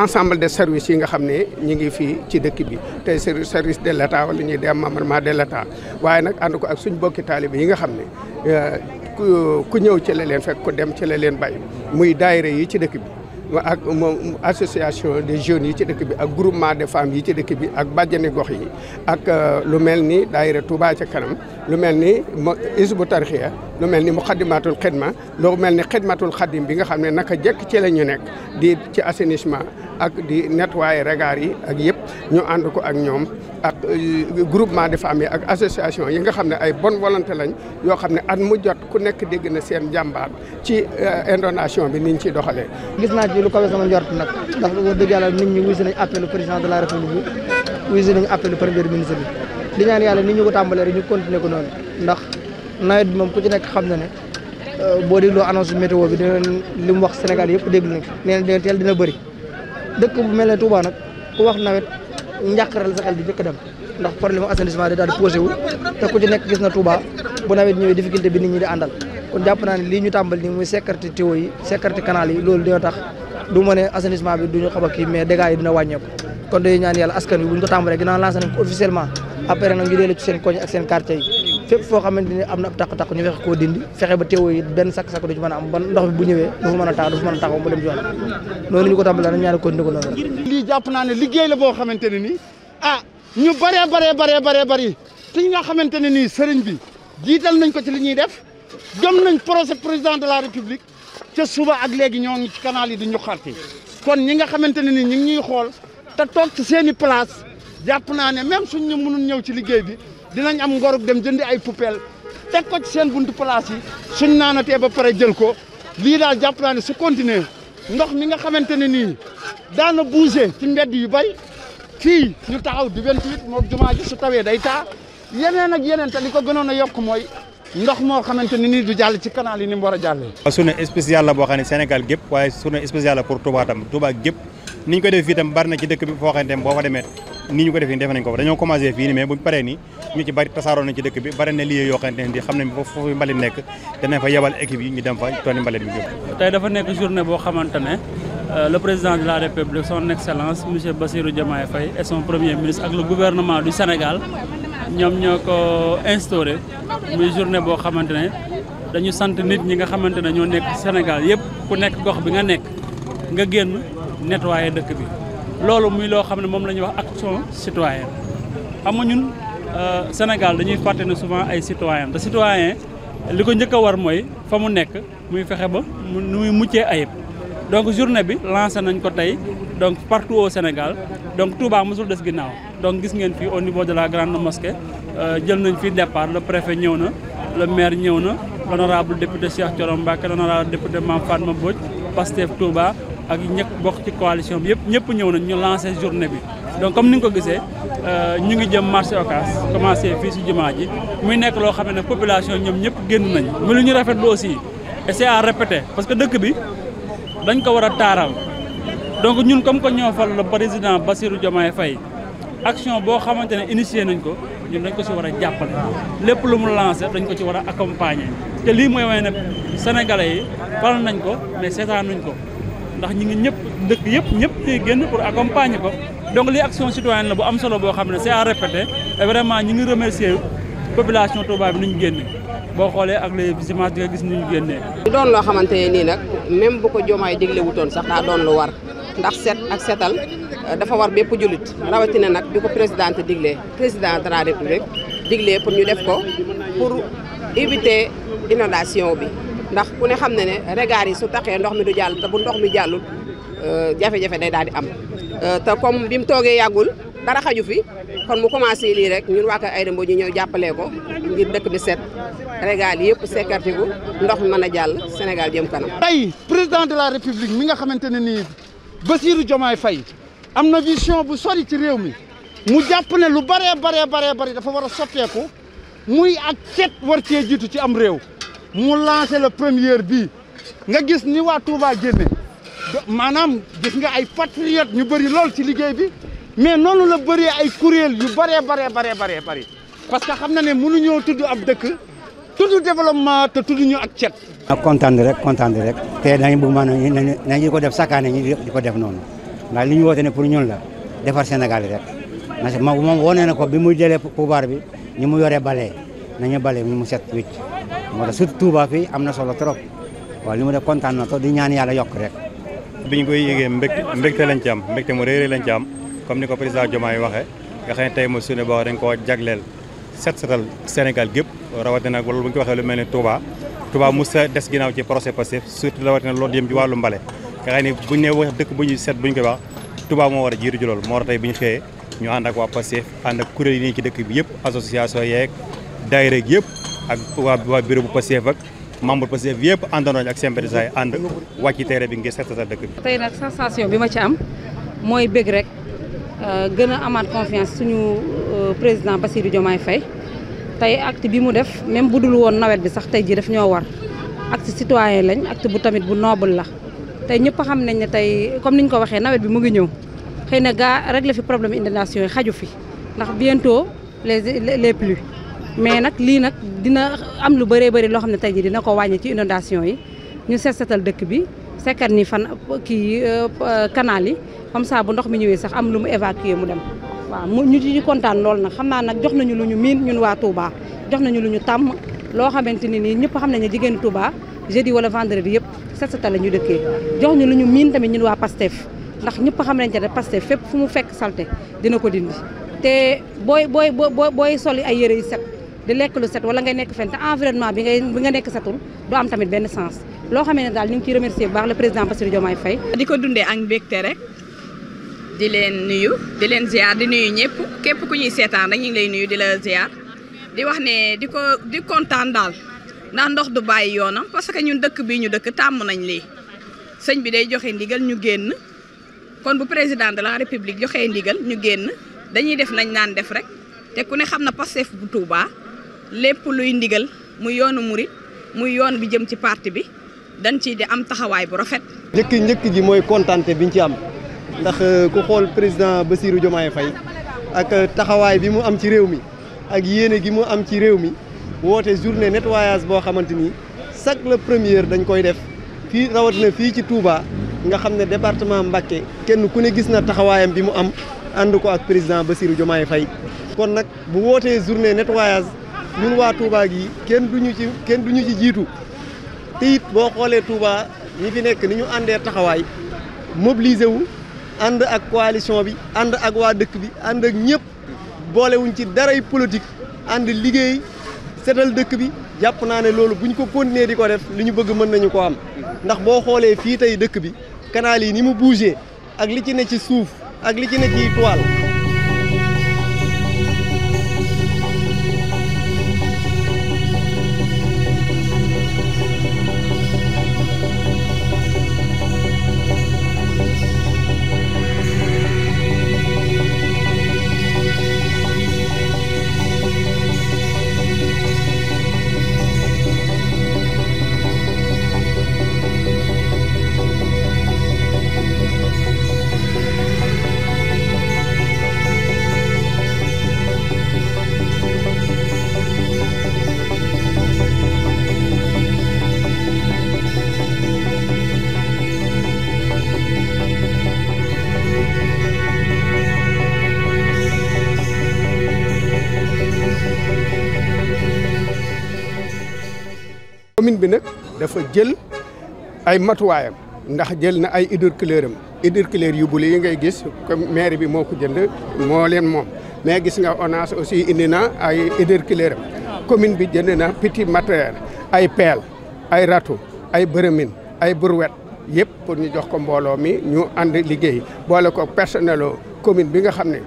l'ensemble de services yi nga xam ne ñi ngi fii ci dëkk bi tey service de l'État wala ñuy dem membrement de l'État waaye nag ànd ko ak suñ bokki taalibe yi nga xam ne euh, ku ñëw ci la leen fekk ku dem ci la leen bàyyi muy daayira yi ci dëkk bi ak moom association des jeunes yi ci dëkk bi ak groupement de femmes yi ci dëkk bi ak bàjjani gox yi ak euh, lu mel ni daayira Touba ca kanam lu mel ni Hizbut Tarqiyyah lu mel ni muqaddimatul xidma lu mel ni xidmatul xadim bi nga xam ne naka jekk ci la ñu nekk di ci assainissement ak di nettoyer regard yi ak yëpp ñu ànd ko ak ñoom ak euh, groupement de femmes yi ak association yi nga xam ne ay bonne volonté lañ yoo xam ne at mu jot ku nekk dégg na seen jàmbaar ci euh, inondation bi ni ñu ciy doxalee. gis naa ci lu kawe sama njort nag ndax wax dëgg yàlla nit ñi la république wuyu ñaan yàlla nit ñu ko tàmbalee rek ñu continuer ko noonu ndax. nawet bi moom ku ci nekk xam na ne euh, boo dégloo annonce météo bi dina li mu wax Sénégal yëpp déglu nañ nee na dina teel dina bëri dëkk bu mel ne Touba nag ku wax nawet njàqaral sa xel di njëkk dem ndax problème assainissement da daal di gis na Touba bu nawet ñëwee difficulté bi nit naa ne lii ñu tàmbali nii muy sécurité tuyaux yi sécurité canal yi loolu dina tax du kon day ñaan yàlla askan wi buñ ko tàmbalee ginnaaw lancé nañ ko officiellement après nag ñu dellu ci seen koñ ak seen quartier yi fépp foo xamante ni am na ab taq-taq ñu fexe koo dindi fexe ba teew yi benn sakk-sakk du ci a am ban ndox bi bu ñëwee du fa mën a tax du fa mën a taxaw mu dem ci noonu ñu ko tàmbalee nag ñaari continué ko noonu lii jàpp naa liggéey la boo xamante ne nii ah ñu baree baree baree baree bari te ñi nga xamante ne nii sëriñ bi jiital nañ ko ci li ñuy def gëm nañ projet président de la république ca suba ak léegi ñoo ngi ci canal yi di ñu xarti kon ñi nga xamante ne nii ñu ngi ñuy xool te toog ci seen i place jàpp naa ne même suñ ñu mënul ñëw ci liggéey bi dinañ am ngorug dem jëndi ay poubelle teg ko ci seen buntu place yi suñ naanatee ba pare jël ko lii daal jàpp naa ne su continuer ndox mi nga xamante ne nii daana bouger ci mbedd yu bari fii ñu taxaw di 28 moom jumaa ji su tawee day taa yeneen ak yeneen te li ko gënoon a yokk mooy ndox moo xamante ne nii du jàll ci canal yi ni mu war a jàllee. sunu spécial la boo xam ne Sénégal gépp waaye sunu spécial la pour Touba tam Touba gépp ni ñu ko def fii tam bari na ci dëkk bi foo xamante boo fa demee ni ñu ko defee def nañ ko fa dañoo commencé fii ni mais buñ paree ni ñu ci bari tasaaroo nañ ci dëkk bi bari na lieu yoo xamante ne di xam nañ foofu foofu mbalit nekk danañ fa yebal équipe yi ñu dem fa tonni mbalit bi jóg tey dafa nekk journée boo xamante ne euh, le président de la république son excellence monsieur Bassirou Diomaye Faye et son premier ministre ak le gouvernement du Sénégal ñoom ñoo ko instauré muy journée boo xamante ne dañu sant nit ñi nga xamante ne ñoo nekk Sénégal yëpp ku nekk gox bi nga nekk nga génn nettoyer dëkk bi loolu muy loo xam ne moom la ñuy wax action citoyenne xam nga ñun euh, Sénégal dañuy fàtte ne souvent ay citoyen te citoyen li ko njëkk a war mooy fa mu nekk muy fexe ba mu nu muy muccee ayib donc journée bi lancé nañ ko tey donc partout au Sénégal donc Touba mosul des ginnaaw donc gis ngeen fii au niveau de la grande mosquée euh, jël nañ fii départ le préfet ñëw na le maire ñëw na l'honorable député Cheikh Thioro Mbacké l'honorable député Mame Fatma Mbodj Pastef Touba ak ñëpp bokk ci coalition bi yëpp ñëpp ñëw nañ ñu lancé journée bi donc comme ni nga ko gisee euh, ñu ngi jëm marché Ocass commencé fii si jumaa ji muy nekk loo xam ne population ñoom ñëpp génn nañ mu lu ñu rafetlu aussi et c'est à répéter parce que dëkk bi dañ ko war a taaral donc ñun comme que ñoo fal le président Bassirou Diomaye Faye action boo xamante ne initié nañ ko ñun dañ ko si war a jàppale lépp lu mu lancé dañ ko ci war a accompagner te lii mooy wane ne sénégalais yi fal nañ ko mais seetaan nañ ko ndax ñi ngi ñëpp dëkk yëpp ñëpp tey génn pour accompagner ko donc li action citoyenne la bu am solo boo xam ne c'est à répéter et ñi ngi remercier population Touba bi nu ñu génne boo xoolee ak les images di nga gis nu ñu génnee. du doon loo xamante ne nii nag même bu ko Diomaye digle wutoon sax daa doon lu war ndax set ak setal euh, dafa war bépp jullit rawatina nag bi ko président diglee président de la république diglee pour ñu def ko pour éviter inondation bi. ndax ku ne xam ne ne regard yi su taxee ndox mi du jàll te bu ndox mi jàll euh, jafe-jafe day daal di am euh, te comme bi mu toogee yàggul dara xaju fi kon mu commencé lii rek ñun waa ay Aïda Mbodj ñu ñëw jàppalee ko ngir dëkk bi set regard yëpp sekkartiku ndox mi mën a jàll Sénégal jëm kanam. tey président de la république mi nga xamante ne nii Bassirou Diomaye Faye am na vision bu sori ci réew mi mu jàpp ne lu baree baree baree bari dafa war a soppeeku muy ak cet war jiitu ci am réew. mu lancé le premier bi nga gis ni waa Touba génne maanaam gis nga ay patriote ñu bëri lool ci liggéey bi mais noonu la bëri ay kuréel yu bëree baree bare baree bëri parce que xam na ne mënuñoo tudd ab dëkk tudd développement te tudd ñu ak cet ah, kontaan rek kontaan rek te dañu bëgg maanaam nañu ko def sakkaane ñu di ko def noonu ndax li ñu woote ne pour ñun la defar Sénégal rek parce que moom wone na ko bi mu jëlee pouvoir bi ñu mu yore balee nañu bale mu set wicc moo tax surtout Touba fii am na solo trop waaw li mu def kontaan na to di ñaan yàlla yokk rek. biñ koy yëgee mbégte lañ ci am mbégte mu réeré lañ ci am comme ni ko président Diomaye waxee nga xam ne tey mooy suñu boo dañ koo jagleel set setal Sénégal gépp rawatina wala bu ñu ko waxee lu mel ne Touba. Touba mu sa des ginnaaw ci procès passif surtout rawatina loolu yëm ci wàllu mbale nga xam ne buñ ne dëkk bu ñuy set bu ñu koy wax Touba moo war a jiitu loolu moo war a tey bu ñu xëyee ñu ànd ak waa passif ànd ak dëkk bi yëpp association yeeg daayira yëpp ak waa waa bureau bu Pastef ak membre Pastef yëpp àndandoo ak sympathisants yi ànd wàcci teere bi ngir seetatal dëkk bi. tey nag sensation bi ma ci am mooy bég rek euh, gën a amaat confiance suñu euh, président Bassirou Diomaye Faye tey acte bi mu def même bu dul woon nawet bi sax tey jii daf ñoo war acte citoyen lañ acte bu tamit bu noble la tey ñëpp xam nañ ne tey comme ñu ko waxee nawet bi mu ngi ñëw xëy na gaa régler fi problème inondation yi fi ndax bientôt les les mais nag lii nag dina am lu bëree bëri loo xam ne tey jii dina ko wàññi ci inondation yi ñu seet seetal dëkk bi sekkat nii fan kii euh, canal yi comme ça bu ndox mi ñëwee sax am lu mu évacuer mu dem waaw mu ñu ci kontaan lool nag xam naa nag jox nañu lu ñu miin ñun waa Touba jox nañu lu ñu tàmm loo xamante ni nii ñëpp xam nañu ne jigéen Touba jeudi wala vendredi yëpp set setal ñu dëkkee jox ñu lu ñu miin tamit nu waa Pastef ndax ñëpp xam nañ te ne Pastef fépp fu mu fekk salte dina ko dindi te booy booy booy booy soli ay yére yu set di lekk lu set wala ngay nekk fenn te environnement bi ngay bi nga nekk setul doo am tamit benn sens loo xamee ne daal ñu ngi ciy remercier bu baax le président Bassirou Diomaye di ko dundee ak mbégte rek leen nuyu di leen ziar di nuyu ñëpp képp ku ñuy seetaan rek ñu ngi lay nuyu di la ziar di wax ne di ko di kontaan daal ndax ndox du bàyyi yoonam parce que ñun dëkk bii ñu dëkk tàmm nañ lii sëñ bi day joxe ndigal ñu génn kon bu président de la république joxe ndigal ñu génn dañuy def nañ naan def rek te ku ne xam na Pastef bu Touba lépp luy ndigal muy yoonu murit muy yoon bi jëm ci parti bi dañ ciy di am taxawaay bu rafet. njëkk njëkk ji mooy kontante biñ ci am ndax euh, ku xool président Bassirou Diomaye fay ak euh, taxawaay bi mu am ci réew mi ak yéene gi mu am ci réew mi woote journée nettoyage boo xamante ni chaque le première dañ koy def fii rawatina fii ci Touba nga xam ne département Mbacké kenn ku ne gis na taxawaayam bi mu am ànd ko ak président Bassirou Diomaye Faye kon nag bu wootee ñun waa Touba gi kenn duñu ci kenn duñu ci jiitu te boo xoolee Touba ñi fi nekk ni ñu àndee taxawaay mobilisé wu ànd ak coalition bi ànd ak waa dëkk bi ànd ak ñëpp boolewuñ ci daray politique ànd liggéey setal dëkk bi jàpp naa ne loolu bu ñu ko continuer di ko def li ñu bëgg mën nañu ko am ndax boo xoolee fii tey dëkk bi canal yi ni mu bougé ak li ci ne ci suuf ak li ci ne ci dafa jël ay matuwaayam ndax jël na ay hydrocureur am hydrocureur yu bul yi ngay gis comme maire bi moo ko jënd moo leen moom mais gis nga ONAS aussi indi na ay hydrocureur am commune bi jënd na piti matériel ay pelle ay râteau ay bërëmin ay brouette yëpp pour ñu jox ko mbooloo mi ñu ànd liggéey boole ko personnel commune bi nga xam ne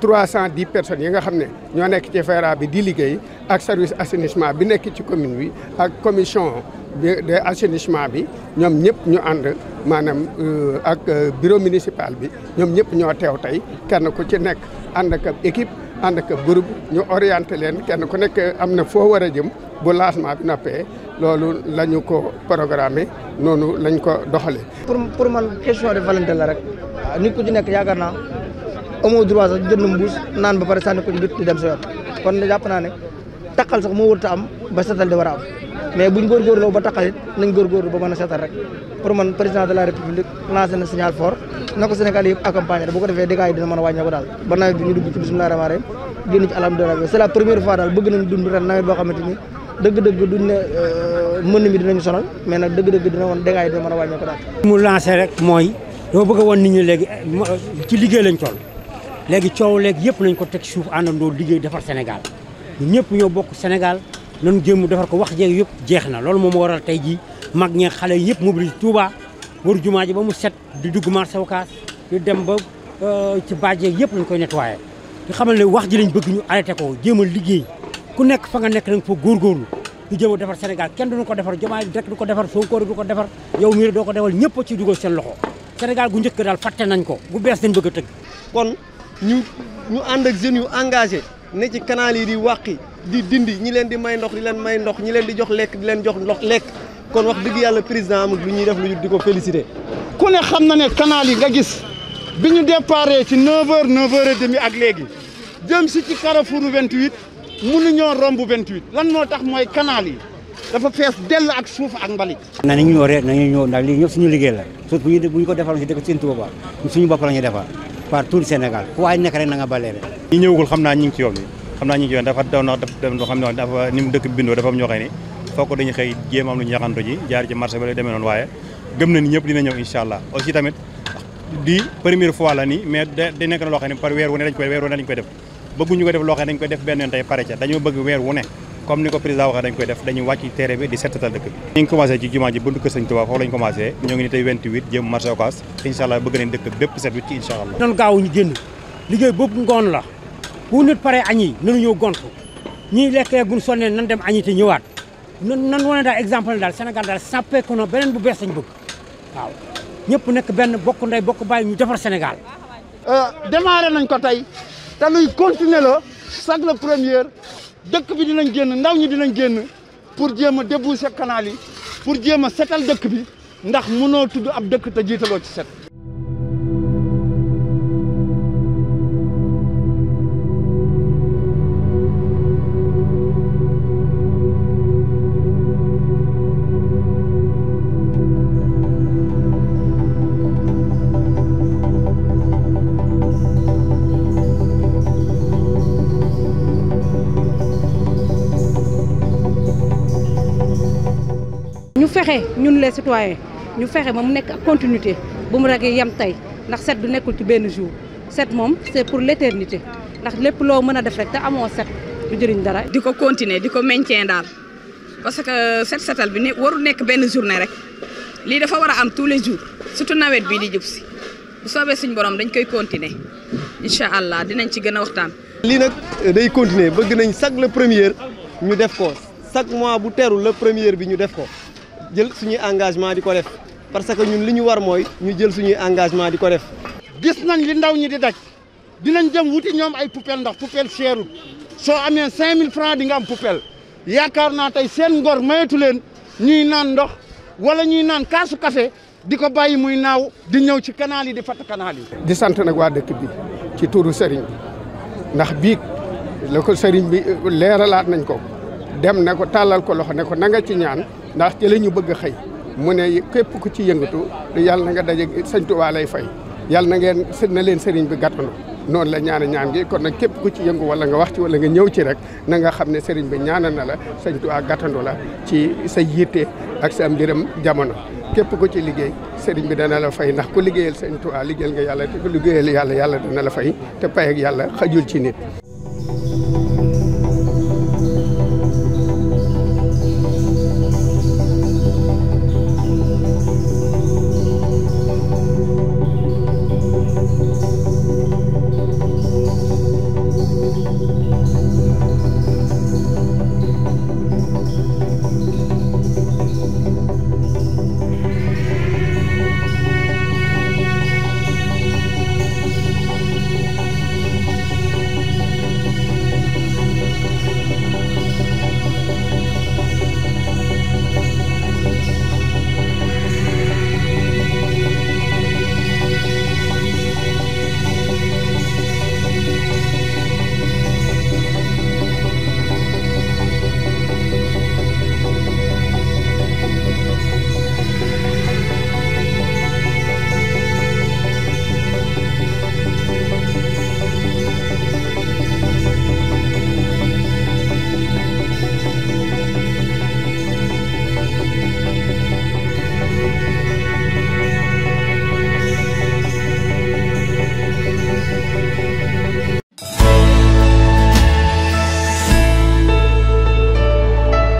trois cent di personnes yi nga xam ne ñoo nekk ci FERA bi di liggéey ak service assainissement bi nekk ci commune bi ak commission de assainissement bi ñoom ñëpp ñu ànd maanaam euh, ak euh, bureau municipal bi ñoom ñëpp ñoo teew tey kenn ku ci nekk ànd ak équipe ànd ak groupe ñu orienté leen kenn ku nekk am na foo war a jëm bu lancement bi noppee loolu la ñu ko programmé noonu lañ ko doxalee. pour pour man question de volonté la rek nit ku ci nekk yaakaar naa amoo droit sax jënd mbuus naan ba pare sànni di dem sa kon kon jàpp naa ne takkal sax moo wërta am ba setal di war am. mais buñ góorgóorloo ba taxalit nañ góorgóorlu ba mën a seetal rek pour man président de la république lancé na signal fort na ko Sénégal yëpp accompagné bu ko defee dégâts yi dina mën a wàññeeku daal ba nawet bi ñu dugg ci bismillah rahmaan rahim génn ci alhamdulilah c'est la première fois daal bëgg nañ dund ren nawet boo xamante ni dëgg-dëgg duñ ne euh, mën mi dinañu sonal mais nag dëgg-dëgg dina woon dégâts yi dina mën a wàññeeku daal mu lancé rek mooy dama bëgg a woon nit ñi léegi ci liggéey lañ toll léegi coow léegi yëpp nañ ko teg suuf àndandoo liggéey defar Sénégal ñëpp ñoo bokk Sénégal nañu jéem defar ko wax jeeg yëpp jeex na loolu moom war waral tey jii mag ñeeg xale yëpp mobilisé Touba wër jumaa ji ba mu set di dugg marché Ocass di dem ba euh, ci bàjjeeg yëpp lañ koy nettoyé di xamal ne wax ji lañ bëgg ñu arrêté ko jéem a liggéey ku nekk fa nga nekk nag fa góor ñu jéem a defar Sénégal kenn duñu ko defar jumaa ji du ko defar Sonko du ko defar yow mii doo ko defal ñëpp a ciy dugal seen loxo Sénégal gu njëkk daal fàtte nañ ko gu bees dañ bëgg a tëgg kon ñu ànd ak jeunes yu engagé ne ci yi di di dindi ñi leen di may ndox di leen may ndox ñi leen di jox lekk di leen jox ndox lekk kon wax dëgg yàlla président amul lu ñuy def lu ñu di ko félicité. ku ne xam na ne canal yi nga gis bi ñu déparé ci 9h 9h30 ak léegi jëm si ci carrefour 28 mënuñoo romb 28 lan moo tax mooy kanaali yi. dafa fees dell ak suuf ak mbalit. na ñu ñëw rek nañu ñëw ndax lii ñëpp suñu liggéey la surtout bu ñu ko defaloon si dëkk Sëñ Tuuba suñu bopp la ñuy defar par tout Sénégal fu waay nekk rek na xam naa ñu ngi ci yoon bi. xam naa ni dëkk bindoo dafa am fokk dañu xëy jéem am lu ñu yaxantu ji jaar ci marché noonu waaye gëm na ñëpp dina ñëw incha allah aussi tamit di première fois la nii mais da nekk na loo xam weer wu dañ koy def bëgguñu ko def loo dañ koy def benn yoon tey pare ca dañoo bëgg weer wu ne ni ko président waxee dañ koy def dañuy wàcc terrain bi di settatal dëkk bi ñu ngi commencé ci jumaa ji buntu kër Sëñ Tuubaa ñoo ngi ni bu nit pare añ yi nanu ñëw gontu ñiy lekkee gun sonnee nan dem añi te ñëwaat nan nan wane daal exemple daal Sénégal daal sàppee ko noonu beneen bu bees lañ bëgg waaw ñëpp nekk benn bokk ndey bokk bàyyi ñu defar Sénégal. Euh, démarré nañ ko tey te luy continuer la chaque le dëkk bi dinañ génn ndaw ñi dinañ génn pour jéem a déboucher canal yi pour jéem a setal dëkk bi ndax mënoo tudd ab dëkk te jiitaloo ci set. fexe ñun lee citoyens ñu fexe ba mu nekk ak continuité bu mu ragee yem tey ndax set du nekkul ci benn jour set moom c'est pour l'éternité ndax lépp loo mën a def rek te amoo set du jëriñ dara. di ko continuer di ko maintien daal parce que set setal bi ne warul nekk benn journée rek lii dafa war a am tout les jours surtout nawet bii di jub si bu soobee suñu borom dañ koy continuer incha allah dinañ ci gën a waxtaan. lii nag day continuer bëgg nañ chaque le premier ñu def ko chaque mois bu teru le premier bi ñu def ko. jël suñuy engagement di ko def parce que ñun li ñu war mooy ñu jël suñuy engagement di ko def. dis nañ li ndaw ñi di daj dinañ jam wuti ñoom ay poubelle ndax poubelle seerut soo amee 5000 francs di nga am poubelle yaakaar naa tey seen ngor mayatu leen ñuy naan ndox wala ñuy naan kaasu café di ko bàyyi muy naaw di ñëw ci canal yi di fatt canal yi. di sant nag waa dëkk bi ci tuuru sëriñ bi ndax biig la ko sëriñ bi leeralaat nañ ko dem ne ko tàllal ko loxo ne ko ci ñaan. ndax ci la ñu bëgg a xëy mu ne képp ku ci yëngatu yàlla na nga daje sëñ Tuubaa lay fay yàlla na ngeen na leen sëriñ bi gàttanu noonu la ñaana ñaan gi kon nag képp ku ci yëngu wala nga wax ci wala nga ñëw ci rek na nga xam ne sëriñ bi ñaana na la sëñ Tuubaa gàttandu la ci sa yitte ak sa mbiram jamono képp ku ci liggéey sëriñ bi dana la fay ndax ku liggéeyal sëñ Tuubaa liggéeyal nga yàlla te ku yàlla yàlla dana la fay te pay ak yàlla xajul ci nit